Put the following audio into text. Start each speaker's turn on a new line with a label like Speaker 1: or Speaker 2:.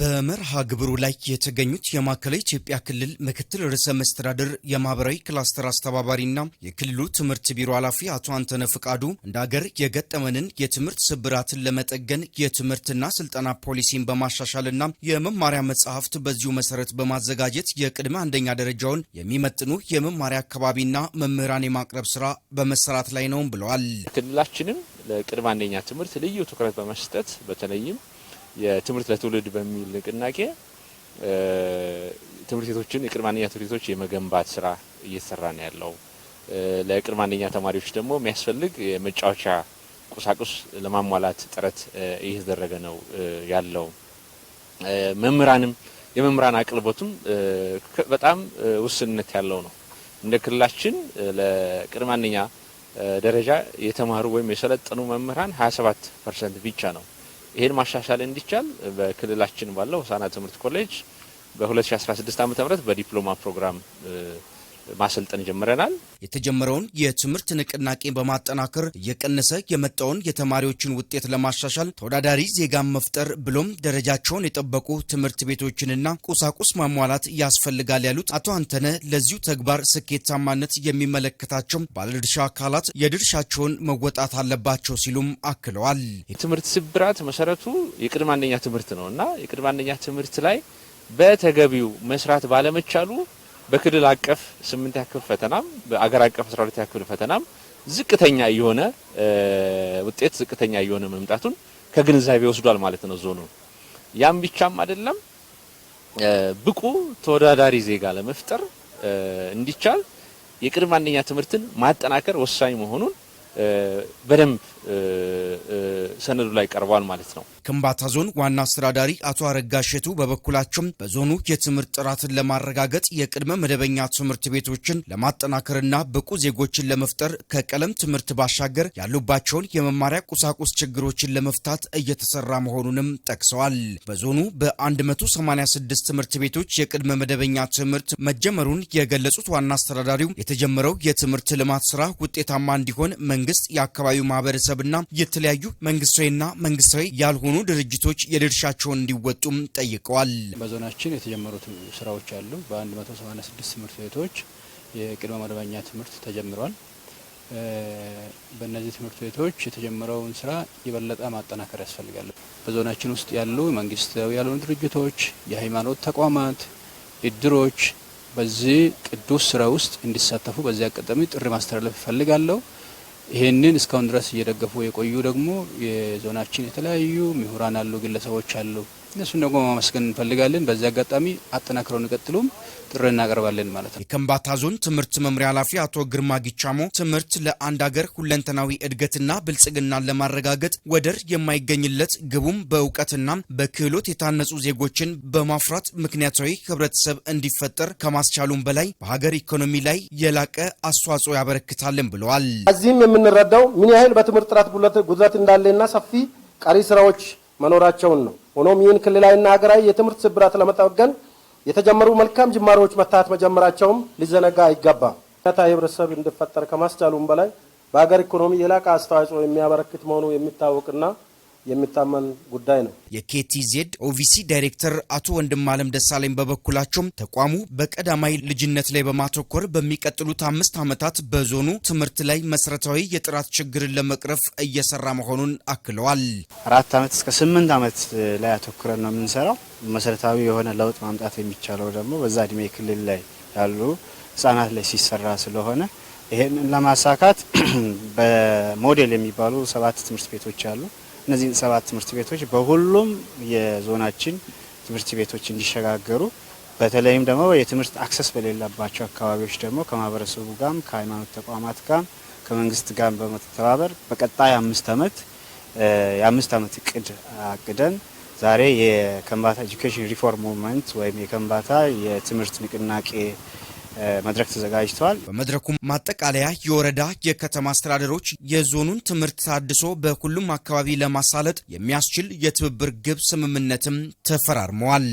Speaker 1: በመርሃ ግብሩ ላይ የተገኙት የማዕከላዊ ኢትዮጵያ ክልል ምክትል ርዕሰ መስተዳድር የማህበራዊ ክላስተር አስተባባሪና የክልሉ ትምህርት ቢሮ ኃላፊ አቶ አንተነ ፍቃዱ እንደ ሀገር የገጠመንን የትምህርት ስብራትን ለመጠገን የትምህርትና ስልጠና ፖሊሲን በማሻሻልና የመማሪያ መጽሐፍት በዚሁ መሰረት በማዘጋጀት የቅድመ አንደኛ ደረጃውን የሚመጥኑ የመማሪያ አካባቢና መምህራን የማቅረብ ስራ በመሰራት ላይ ነውም ብለዋል።
Speaker 2: ክልላችንም ለቅድመ አንደኛ ትምህርት ልዩ ትኩረት በመስጠት በተለይም የትምህርት ለትውልድ በሚል ንቅናቄ ትምህርት ቤቶችን የቅድመ አንደኛ ትምህርት ቤቶች የመገንባት ስራ እየተሰራ ነው ያለው። ለቅድመ አንደኛ ተማሪዎች ደግሞ የሚያስፈልግ የመጫወቻ ቁሳቁስ ለማሟላት ጥረት እየተደረገ ነው ያለው። መምህራንም የመምህራን አቅርቦቱም በጣም ውስንነት ያለው ነው። እንደ ክልላችን ለቅድመ አንደኛ ደረጃ የተማሩ ወይም የሰለጠኑ መምህራን 27 ፐርሰንት ብቻ ነው ይሄን ማሻሻል እንዲቻል በክልላችን ባለው ሳና ትምህርት ኮሌጅ በ2016 ዓ.ም በዲፕሎማ ፕሮግራም ማሰልጠን ጀምረናል።
Speaker 1: የተጀመረውን የትምህርት ንቅናቄ በማጠናከር እየቀነሰ የመጣውን የተማሪዎችን ውጤት ለማሻሻል ተወዳዳሪ ዜጋን መፍጠር ብሎም ደረጃቸውን የጠበቁ ትምህርት ቤቶችንና ቁሳቁስ ማሟላት ያስፈልጋል ያሉት አቶ አንተነ ለዚሁ ተግባር ስኬታማነት የሚመለከታቸው ባለድርሻ አካላት የድርሻቸውን መወጣት አለባቸው ሲሉም አክለዋል።
Speaker 2: የትምህርት ስብራት መሰረቱ የቅድመ አንደኛ ትምህርት ነው እና የቅድመ አንደኛ ትምህርት ላይ በተገቢው መስራት ባለመቻሉ በክልል አቀፍ ስምንት ያክል ፈተናም በአገር አቀፍ 12 ያክል ፈተናም ዝቅተኛ የሆነ ውጤት ዝቅተኛ የሆነ መምጣቱን ከግንዛቤ ወስዷል ማለት ነው ዞኑ። ያም ብቻም አይደለም ብቁ ተወዳዳሪ ዜጋ ለመፍጠር እንዲቻል የቅድመ አንደኛ ትምህርትን ማጠናከር ወሳኝ መሆኑን በደንብ ሰነዱ ላይ ቀርቧል ማለት ነው።
Speaker 1: ከምባታ ዞን ዋና አስተዳዳሪ አቶ አረጋሸቱ በበኩላቸው በበኩላቸውም በዞኑ የትምህርት ጥራትን ለማረጋገጥ የቅድመ መደበኛ ትምህርት ቤቶችን ለማጠናከርና ብቁ ዜጎችን ለመፍጠር ከቀለም ትምህርት ባሻገር ያሉባቸውን የመማሪያ ቁሳቁስ ችግሮችን ለመፍታት እየተሰራ መሆኑንም ጠቅሰዋል። በዞኑ በ186 ትምህርት ቤቶች የቅድመ መደበኛ ትምህርት መጀመሩን የገለጹት ዋና አስተዳዳሪው የተጀመረው የትምህርት ልማት ስራ ውጤታማ እንዲሆን መንግስት የአካባቢው ማህበረሰብ ማህበረሰብና የተለያዩ መንግስታዊና መንግስታዊ ያልሆኑ ድርጅቶች የድርሻቸውን እንዲወጡም ጠይቀዋል።
Speaker 2: በዞናችን የተጀመሩት ስራዎች አሉ። በ186 ትምህርት ቤቶች የቅድመ መደበኛ ትምህርት ተጀምሯል። በእነዚህ ትምህርት ቤቶች የተጀመረውን ስራ የበለጠ ማጠናከር ያስፈልጋል። በዞናችን ውስጥ ያሉ መንግስታዊ ያልሆኑ ድርጅቶች፣ የሃይማኖት ተቋማት፣ እድሮች በዚህ ቅዱስ ስራ ውስጥ እንዲሳተፉ በዚህ አጋጣሚ ጥሪ ማስተላለፍ እፈልጋለሁ። ይሄንን እስካሁን ድረስ እየደገፉ የቆዩ ደግሞ የዞናችን የተለያዩ ምሁራን አሉ፣ ግለሰቦች አሉ። እነሱን ደግሞ ማመስገን እንፈልጋለን። በዚህ አጋጣሚ አጠናክረው እንቀጥሉም ጥሪ እናቀርባለን ማለት ነው።
Speaker 1: የከምባታ ዞን ትምህርት መምሪያ ኃላፊ አቶ ግርማ ጊቻሞ ትምህርት ለአንድ ሀገር ሁለንተናዊ እድገትና ብልጽግናን ለማረጋገጥ ወደር የማይገኝለት ግቡም በእውቀትና በክህሎት የታነጹ ዜጎችን በማፍራት ምክንያታዊ ህብረተሰብ እንዲፈጠር ከማስቻሉም በላይ በሀገር ኢኮኖሚ ላይ የላቀ አስተዋጽኦ ያበረክታልን ብለዋል።
Speaker 3: ከዚህም የምንረዳው ምን ያህል በትምህርት ጥራት ጉድለት እንዳለና ሰፊ ቀሪ ስራዎች መኖራቸውን ነው። ሆኖም ይህን ክልላዊና ሀገራዊ የትምህርት ስብራት ለመጠገን የተጀመሩ መልካም ጅማሬዎች መታት መጀመራቸውም ሊዘነጋ አይገባም። ነታ ህብረተሰብ እንዲፈጠር ከማስቻሉም በላይ በሀገር ኢኮኖሚ የላቀ አስተዋጽኦ የሚያበረክት መሆኑ የሚታወቅና የሚታመን ጉዳይ ነው።
Speaker 1: የኬቲዜድ ኦቪሲ ዳይሬክተር አቶ ወንድም አለም ደሳለኝ በበኩላቸውም ተቋሙ በቀዳማይ ልጅነት ላይ በማተኮር በሚቀጥሉት አምስት ዓመታት በዞኑ ትምህርት ላይ መሰረታዊ የጥራት ችግርን ለመቅረፍ እየሰራ መሆኑን አክለዋል።
Speaker 2: አራት ዓመት እስከ ስምንት ዓመት ላይ አተኩረን ነው የምንሰራው። መሰረታዊ የሆነ ለውጥ ማምጣት የሚቻለው ደግሞ በዛ እድሜ ክልል ላይ ያሉ ህጻናት ላይ ሲሰራ ስለሆነ ይህንን ለማሳካት በሞዴል የሚባሉ ሰባት ትምህርት ቤቶች አሉ። እነዚህን ሰባት ትምህርት ቤቶች በሁሉም የዞናችን ትምህርት ቤቶች እንዲሸጋገሩ በተለይም ደግሞ የትምህርት አክሰስ በሌለባቸው አካባቢዎች ደግሞ ከማህበረሰቡ ጋም ከሃይማኖት ተቋማት ጋም ከመንግስት ጋር በመተባበር በቀጣይ አምስት ዓመት የአምስት ዓመት እቅድ አቅደን ዛሬ የከንባታ ኤጁኬሽን ሪፎርም ሙቭመንት ወይም የከንባታ የትምህርት ንቅናቄ መድረክ ተዘጋጅተዋል።
Speaker 1: በመድረኩም ማጠቃለያ የወረዳ የከተማ አስተዳደሮች የዞኑን ትምህርት ታድሶ በሁሉም አካባቢ ለማሳለጥ የሚያስችል የትብብር ግብ ስምምነትም ተፈራርመዋል።